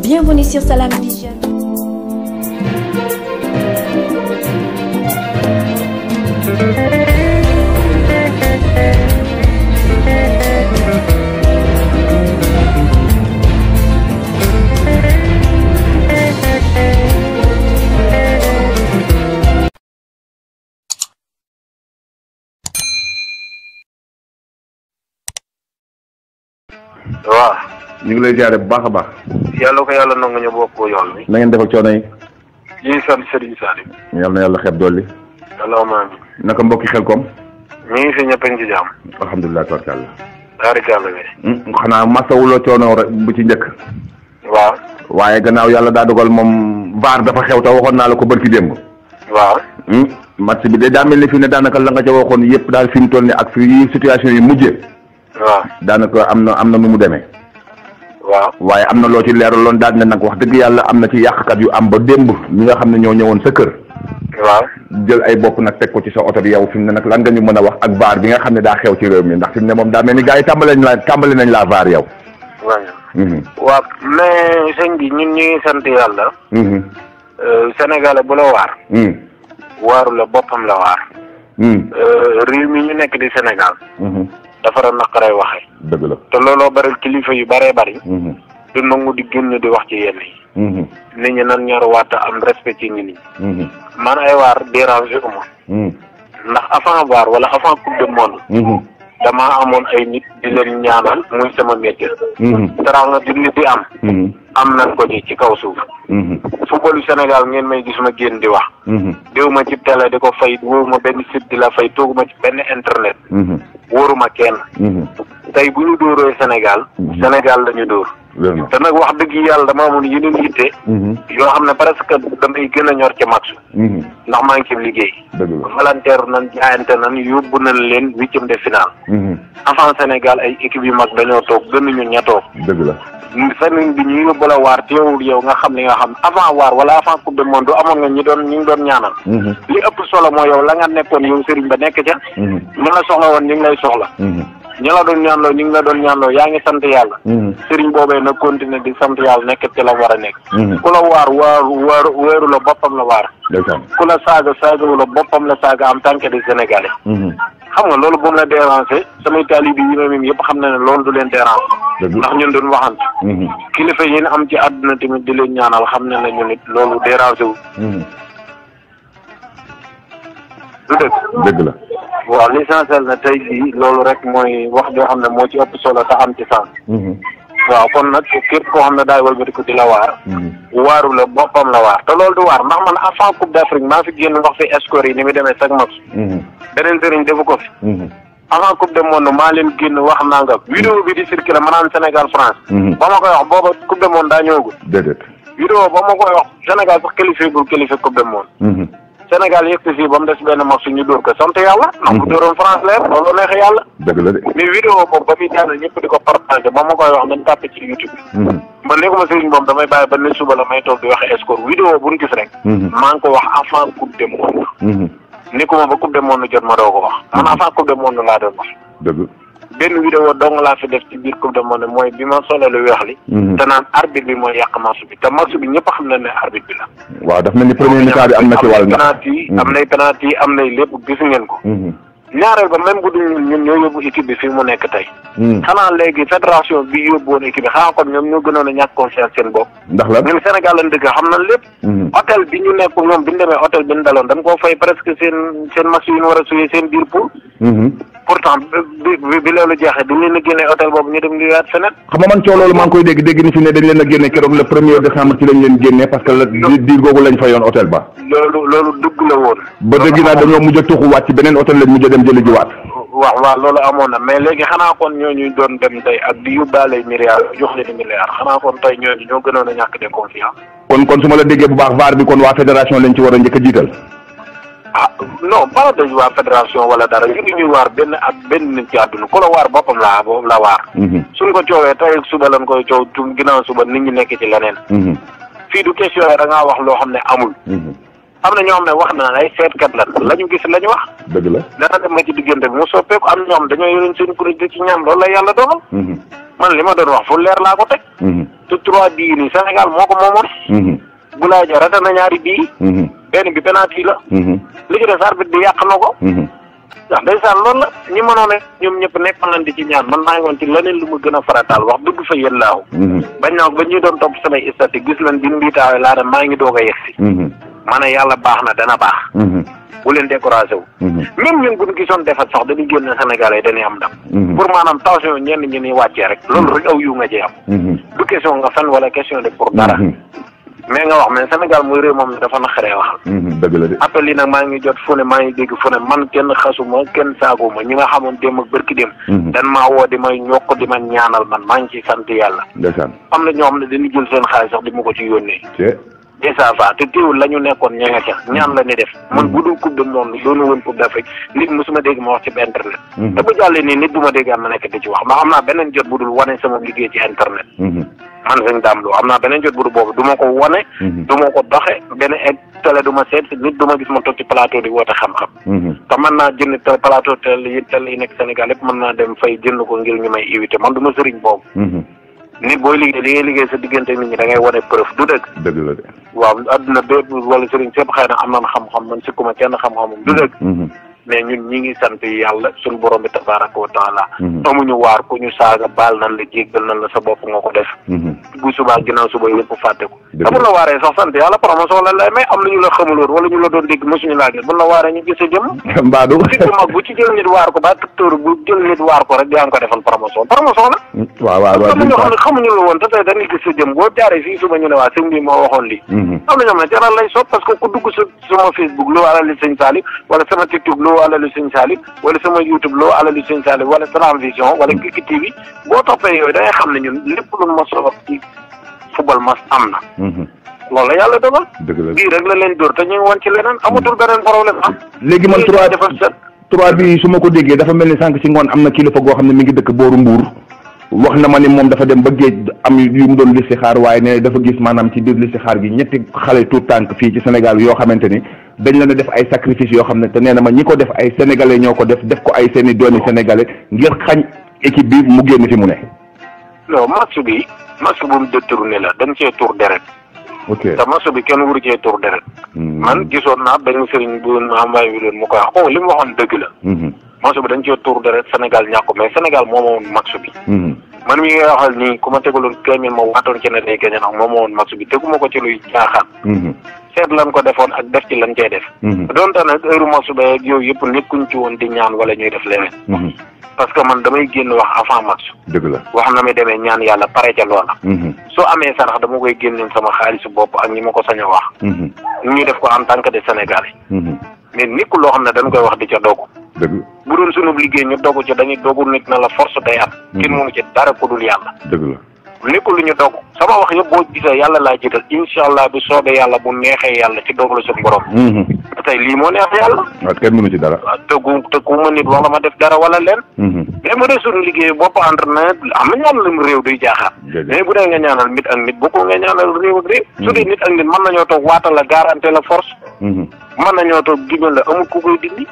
Bienvenue sur Salam Vision. waaw ñu ngi lay jaare bu baax a baax. yàlla ko yàlla nangu ñu bokkoo yoon bi. na ngeen def ak coono yi. ñu ngi sant Serigne Salim. yal na yàlla xeeb dolli. naka mbokki xel koom. mu ngi fi ñëpp a ngi ci jàmm. alhamdulilah tabarkàlla. tabarkàlla bi. Hmm, xanaa masawuloo coono rek bu ci njëkk. waaw. waaye gannaaw yàlla daa dogal moom vaar dafa xew te waxoon naa la ko bërki démb. waaw. Hmm, match bi de daa mel ni fi ne daanaka la nga ca waxoon yëpp daal fi mu toll nii ak fi situation yi mujjee. waaw daanaka am na am na nu mu demee. waaw waaye am na loo ci leeraloon daal ne nag wax dëgg yàlla am na ci yàqkat yu am ba démb ñi nga xam ne ñoo ñëwoon sa kër. waaw jël ay bokk nag teg ko ci sa oto bi yow fi mu ne nag lan nga ñu mën a wax ak vaar bi nga xam ne daa xew ci réew mi ndax fi mu ne moom daa mel ni gars yi tàmbale nañ la tàmbale nañ laa vaar yow. Mhm. waaw mais sëñ bi ñun ñu ngi sant yàlla. Mhm. Euh, Sénégal bu la waar. Mhm. waaru la boppam la waar. Euh, réew mi ñu nekk di Sénégal. dafa doon naqaree waxee. dëgg la te looloo bari kilifa yu baree bari. Mhm. du nangu di génn di wax ci yenn yi. Mhm. nit ñi nan ñor waat am respect ci nit ñi. Mhm. man ay waar déranger ko moom. ndax avant waar wala avant coupe du monde. damaa amoon ay nit di leen ñaanal muy sama métier. teraanga di nit di am. am nañ ko ci ci kaw suuf. footballu Sénégal ngeen may gis ma génn di wax. déw ma ci télé di ko fay wóowu ma benn site di la fay toogu ci benn internet. wóoruma kenn. Mhm. tey bu ñu dóoree Sénégal. Mhm. Sénégal la ñu dóor. te nag wax dëgg yàlla dama amoon yeneen yitte. Mhm. yoo xam ne presque damay gën a ñor ca max. Mhm. ndax maa ngi ci liggéey. dëgg la volontaire nañ jaayante nañ yóbbu nañ leen huitième de finale. Mhm. avant Sénégal ay équipe yu mag dañoo toog gënuñu ña toog. dëgg la semaine bi ñu yóbbu la waar teewul yow nga xam ne nga xam avant waar wala avant coupe du monde amoon nga ñi doon ñi ngi doon ñaanal. li ëpp solo mooy yow la nga nekkoon yow sëriñ ba nekk ca. ñu la soxla woon ñu ngi lay soxla. ñu la doon ñaanloo ñu ngi la doon ñaanloo yaa ngi sant yàlla. Mm-hmm. sëriñ boobee na continuer di sant yàlla nekk ci la war a nekk. Mm-hmm. ku la waar waar waar wéeru la boppam la waar. ku la saaga saagawu boppam la saaga am tant que des mm-hmm. xam nga loolu bu mu la déranger samay taalibe yi ma mii yëpp xam na ne loolu du leen déranger. ndax ñun duñ waxante. kilifa yi am ci àdduna tamit di leen ñaanal xam na ne ñu nit loolu déranger wu. du dëgg. la. waaw l'essentiel na tey jii loolu rek mooy wax joo xam ne moo ci ëpp solo te am ci sens. Mhm. waaw kon nag képp ko xam ne daay wëlbatiku di la waar. Mhm. waaru la boppam la waar te loolu du waar ndax man avant coupe d'Afrique maa fi génn wax fi escort ni muy demee chaque match. Mhm. beneen sëriñ defu ko fi. avant coupe du monde maa leen génn wax nangam. vidéo bi di circulé ma naan Sénégal France. ba ma koy wax booba coupe du daa ñëwagul. déedéet vidéo ba ma koy wax Sénégal sax qualifié gul qualifié coupe Sénégal yëg si fii ba mu des benn mos ñu dóor ko sant yàlla. Mhm. ndax bu dóoroon France leer loolu neex yàlla. dëgg la de mais ko partagé ba ma koy wax nañ tàppe ci YouTube. Mhm. man damay bàyyi ba ne suba la may toog di wax escort vidéo bu ñu gis mhm. maa ngi ko wax avant coupe du monde. nekkuma ba coupe du monde jot ma doo ko wax man avant coupe du monde laa doon wax. benn vidéo dong laa fi def ci biir coupe du monde mooy bi ma solo lu weex li mhm. te naan arbitre bi mooy yàq match bi te match bi ñëpp xam na ne arbitre bi la waaw daf mel ni premier mi-temps am na ci wàll ndax mhm. am nay ko mhm. ñaareel ba même bu dul ñun ñoo yóbbu équipe bi fii mu nekk tey xanaa léegi fédération bi yóbbu woon équipe bi xanaa kon ñoom ñoo gënoon a ñàkk confiance seen bopp ndax la ñun Sénégal lañ dëkk xam nañ lépp hôtel bi ñu nekk ñoom bi ñu demee hôtel bi ñu daloon dama koo fay presque seen seen match yi ñu war pourtant bi bi loolu jeexee duñ leen a génne hôtel boobu ñu dem liggéeyaat feneen. xam nga man coow loolu maa ngi koy dégg dégg ni fi ne dañ leen a génne keroog le premier décembre ci lañ leen génne parce que la diir googu lañ fa yoon hôtel ba. loolu loolu dugg la woon. ba dégg naa dañoo mujj a tuxuwaat ci beneen hôtel lañ mujj a dem jëli jiwaat. waaw waaw loolu amoon na mais léegi xanaa kon ñooñu doon dem tey ak di yóbbaale milliards jox leen milliards xanaa kon la déggee ah non pas de waa fédération wala dara ñu ngi ñuy waar benn ak benn nit ci àdduna ku la waar boppam laa boobu la waar. Mhm. suñ ko coowee tey suba lañ koy coow tum ginnaaw suba nit ñi nekk ci leneen. Mhm. fii du question da ngaa wax loo xam ne amul. Mhm. am na ñoo xam ne wax na ay seetkat lan la ñu gis la ñu wax. dëgg la dana dem ba ci diggante bi mu soppeeku am na ñoo xam dañoo yoroon seen kuréel ci ñaan loolu la yàlla dogal. man li ma doon wax fu leer laa ko teg. te trois bii nii Sénégal moo ko moomoon. Boulaye Dia rate na ñaari bii. benn bi penalty la. Mhm. li ci des arbitre bi yàq na ko. Mhm. ndax ndeysaan loolu la ñi mënoon ñoom ñëpp nekk nañ di ci ñaan man maa ngi woon ci leneen lu ma gën a farataal wax dëgg fa yéen laaw. Mhm. bañ naa ko ba ñuy doon topp samay statistique gis leen bi mbiitaawee laa dem maa ngi doog a yegsi. ma yàlla baax na dana baax. bu leen découragé wu. même ñun bu ñu gisoon defet sax dañuy génn Sénégal yi dañuy am ndam. pour maanaam tension ñenn ñi ñuy wàccee rek. loolu rek aw yu nga cee am. du question nga fen wala question de pour dara. mais nga wax mais Sénégal muy réew moom dafa naqaree waxal. Mhm, dëgg la yi nag maa ngi jot fu ne maa ngi dégg fu ne man kenn xasuma kenn saaguma ñi nga xamoon démb ak bërki démb. Mhm. dan maa woo di may ñokk di ma ñaanal man maa ngi ciy sant yàlla. ndeysaan am na ñoo xam ne dañuy jël seen xaalis sax di ma ko ci yónnee. dèjà va te teewul la ñu nekkoon ña nga ca ñaan la ni def man bu dul coupe du monde doonu woon coupe d'Afrique nit mosuma dégg ma wax ci ba internet mhm. te bu jàllee nii nit du ma dégg am na nekk di ci wax ma am naa beneen jot bu dul wane sama liggéey ci internet mhm. man sëñ Dame loo am naa beneen jot bu dul boobu du ko wane mhm. du ma ko doxe benn egg télé du ma seet si nit du ma gis ma toog ci plateau di woote xam-xam te mën naa jënd te plateau te yi télé yi nekk Sénégal mën naa dem fay jënd ko ngir ñu may invité man du ma sëriñ boobu ni booy liggéey li liggéey sa diggante mi ñi da ngay wane preuve du dëgg. dëgg la de. waaw adduna bépp wala sëriñ sépp xëy na am nañ xam-xam man sikkuma kenn xam-xamam du dëgg. Mm-hmm. mais ñun ñi ngi sant yàlla suñu borom bi tabaraka wa taala mm-hmm. amuñu waar ku ñu saaga baal nan la jéggal nan la sa bopp nga ko def. Mm-hmm. bu subaa ginnaaw suba yëpp fàtte ko. amul la waaree sax sant yàlla promotion la lay may am nañu la xamul woon wala ñu la doon dégg mosuñu laa gis buñ la waaree ñu gis sa jëm mbaadu ci mag bu ci jël nit waar ko ba docteur bu jël nit waar ko rek yaa ngi ko defal promotion promotion la mm, waaw waaw waaw am na ñoo xam ne xamuñu la woon te tey dañuy gis sa jëm boo jaaree fii suba ñu ne waa sëñ bi moo waxoon lii mm-hmm. am na ñoo xam ne jaral lay sot parce que ku dugg sa sama Facebook loo alali sëñ Saliou wala sama TikTok loo alali sëñ Saliou wala sama YouTube loo alali sëñ Saliou wala Salam Vision wala Kiki TV boo toppee yooyu da ngay xam ne ñun lépp lu ma soxla ci football mas am na. Mhm. loolu yàlla dogal. dëgg la bii rek la leen dóor te ñu ngi woon ci leneen amatul beneen problème ah. léegi man trois trois bi su ma ko déggee dafa mel ni sànq ci ngoon am na kilifa goo xam ne mu ngi dëkk booru Mbour. wax na ma ni moom dafa dem ba géej am yu mu doon listixaar waaye ne dafa gis maanaam ci biir listixaar gi ñetti xale tuut tànk fii ci Sénégal yoo xamante ni dañ leen a def ay sacrifice yoo xam ne te nee na ma ñi ko def ay sénégalais ñoo ko def def ko ay seeni doomi sénégalais ngir xañ équipe bi mu génn fi mu ne. match bu mu détourné la dañ cee tur deret ok te match bi kenn wuru cee tur deret hmm. man gisoon naa benn sëriñ bu ma bi doon mu ko wax oh li mu waxoon dëgg la hmm. match bi dañ cee tur deret senegal ñàkku mais Sénégal moo moom match bi hmm. man mi nga waxal nii ku ma tegaloon premier ma waatoon ci ne day gañe ndax moo moom match bi teguma ko ci luy jaaxaan seet lan ko defoon ak def ci lan cay def. Mhm. donte nag heure match ba ak yooyu yëpp nekkuñ ci woon di ñaan wala ñuy def leneen. Mhm. parce que man damay génn wax avant match. dëgg la wax na mi demee ñaan yàlla pare ca loola. Mhm. soo amee sarax dama koy génneel sama xaalisu bopp ak ñi ma ko sañ a wax. ñu def ko en tant que de Sénégalais. mais nekkul loo xam ne dañ koy wax di ca dogu. dëgg bu doon sunub liggéey ñu dogu ca dañuy dogu nit na la force day am. kenn mënu ci dara ko dul yàlla. nekkul lu ñu dog sama wax yëpp boo gisee yàlla laa jiital incha allah bu soobee yàlla bu neexee yàlla ci doog la suñu borom. Mhm. tey lii moo neex yàlla. waaw kenn mënu ci dara. waaw tëggu tëggu ma nit wax la ma def dara wala leen. Mhm. mais ma dee suñu liggéey bopp entraîneur na ñaanal réew duy jaaxaar. mais bu dee nga ñaanal nit ak nit bokkul nga ñaanal réew ak réew. Mhm. su dee nit ak nit mën nañoo toog waatal la la force. mën nañoo toog digal la amul ku koy dindi.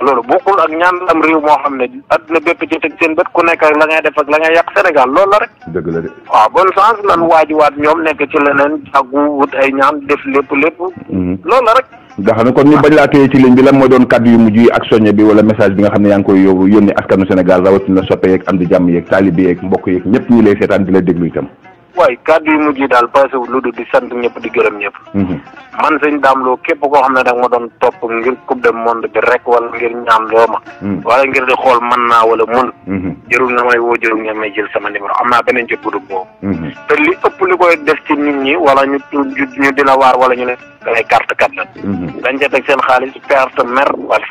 loolu bokkul ak ñaan am réew moo xam ne àdduna bépp ci teg seen bët ku nekk ak la ngay def ak la ngay yàq senegal lool la rek. dëgg la de. waaw bon sens lan waajuwaat ñoom nekk ci leneen jàggu wut ay ñaan lépp lépp. Mhm. loolu la rek. nga xam ne kon ñu bañ laa téye ci ligne bi lan moo doon kàddu yu mujj yi ak soññe bi wala message bi nga xam ne yaa ngi koy yóbbu yónni askanu Sénégal rawatina soppe yeeg am di jàmm yeeg taalibe yeeg mbokk yeeg ñëpp ñu lay seetaan di la déglu itam. waaye kàddu yu mujj yi daal passé wu lu dul di sant ñëpp di gërëm ñëpp. Mhm. man sëñ Dame Lo képp koo xam ne da ma doon topp ngir coupe du monde bi rek wala ngir ñaan loo ma. Mhm. wala ngir di xool man naa wala mun. Mhm. jërul na may woo jërul nga may jël sama numéro am naa beneen jot bu dul boobu. te li ëpp li koy def ci nit ñi wala ñu ñu di la waar wala ñu ne dangay carte kat la. dañ ca teg seen xaalis perte mer wala.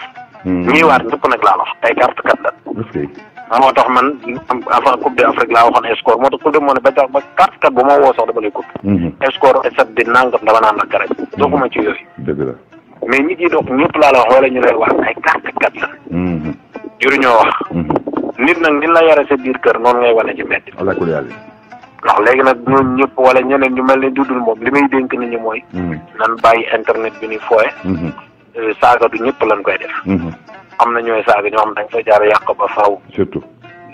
ñii waar ñëpp nag laa wax ay carte kat la. man ah, moo tax man avant coupe d'Afrique laa waxoon score moo tax coupe du monde ba tax ba carte kat bu ma woo sax dama lay coupe mhm. score sat di nangam dama naan la garab ma ci yooyu dëgg la mais ñi ciy dox laa la wax wala ñu lay wax ay carte kat la mhm. juruñoo wax mhm. nit nag ni la yare sa biir kër noonu ngay wane ci metti alakul yàlla ndax léegi nag ñun ñëpp wala ñeneen ñu mel ne dul moom li may dénk nit ñi mooy nan bàyyi internet bi ni fooye euh, saaga du ñëpp lañ koy def am na ñooy saaga ñoo xam dañ fa jaar yàq ba faw surtout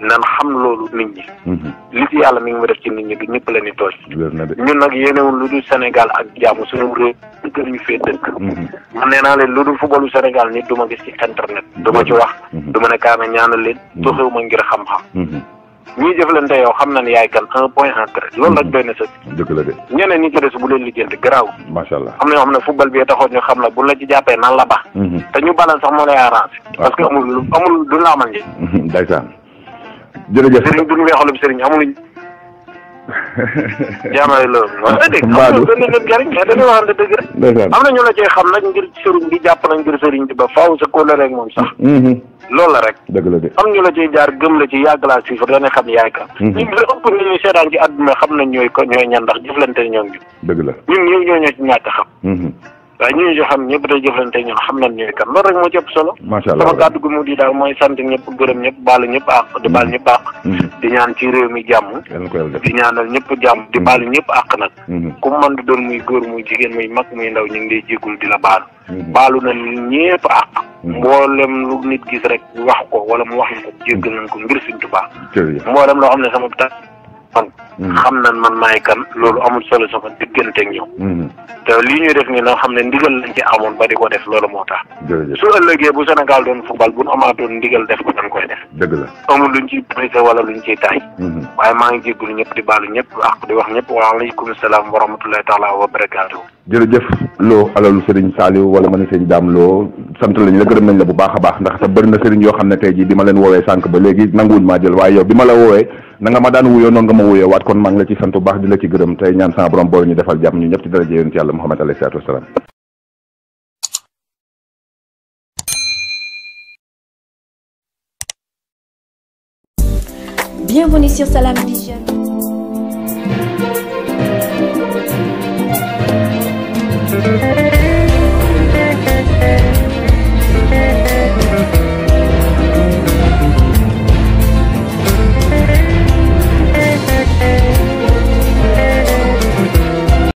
nan xam loolu nit ñi. Mhm. li ci yàlla mi ngi def ci nit ñi du ñëpp la ni tooj. ñun nag yéenewul lu dul Sénégal ak jàmm suñu réew dëgg ñu fee dëkk. Mhm. man nee naa leen lu dul footballu Sénégal nit du ma gis ci internet. du ma ci mhm. wax. du ma ne kaana ñaanal leen. doxewu ma ngir xam-xam. ñuy jëflante yoo xam na ne yaay kan un point en trait loolu rek mm-hmm. doy na sa dëgg la de ñeneen ñi ci des bu leen lijjanti garaaw macha allah am na ñu la bu la ci mm-hmm. ñu balan sax moo lay arrangé parce que la amal njëriñ ndeysaan jërëjëf sëriñ duñu weexalub sëriñ amuluñ jaamay loolu wax dëgg amul benn njëriñ mais dañu waxante dëgg na ñu la cee xam nag ngir sëriñ bi jàpp na ngir sëriñ bi ba faaw sa kóolare ak moom sax mm-hmm. loolu la rek. dëgg la de am ñu la ciy jaar gëm la ci yàgg laa siifar dañuy xam yaay kan. Mhm. ñun lu ëpp nit ñi seetaan ci àdduna xam nañ ñooy ko ñooy ñan ndax jëflante ñoom ñu. dëgg la ñun ñëw ñoo ñoo ci xam. Mhm. waaye ñun ñu xam ñëpp day jëflante ñun xam nañ ñooy kan loolu rek moo ci solo. sama kàddu gu mu di daal mooy sant ñëpp gërëm ñëpp ñëpp àq di baal mm-hmm. Mm-hmm. di ñaan ci réew mi jàmm. di ñaanal ñëpp jàmm di mm-hmm. baalu ñëpp àq nag. ku mu mën doon muy góor muy jigéen muy mag muy ndaw ñu ngi lay jéggul di la baal. baalu na ñëpp àq. mboolem lu nit gis rek wax ko wala mu wax ko jéggal nañ ko ngir Sëriñ baax mboolem loo xam ne sama fan mm. xam na man maay kan loolu amul solo sama diggante ak mm. te lii ñuy def nii nag xam ne ndigal lañ ci amoon ba di ko def loolu moo tax su ëllëgee bu Sénégal doon football bu nu amaatoon ndigal def ko dañ koy def dëgg la amul luñ ciy pressé wala luñ ciy taay mm-hmm. waaye maa ngi jégalu ñëpp di baalu ñëpp ak di wax ñëpp waaleykum salaam wa rahmatullahi taala wa barakaatu jërëjëf loo alalu Serigne Saliou wala ma ne Serigne sant lañu la gërëm nañ la bu baax a baax ndax sa bëri sëriñ yoo xam ne te jii bi ma leen woowee sànq ba léegi nanguwuñ maa jël waaye yow bi ma la woowee na ma daan wuyoo noonu nga ma wuyoo waat kon maa la ci sant bu baax di la ci gërëm tey ñaan sama borom booy defal jàmm ñu ñëpp ci daraje yonent yàlla Muhammad alayhi salaatu wasalaam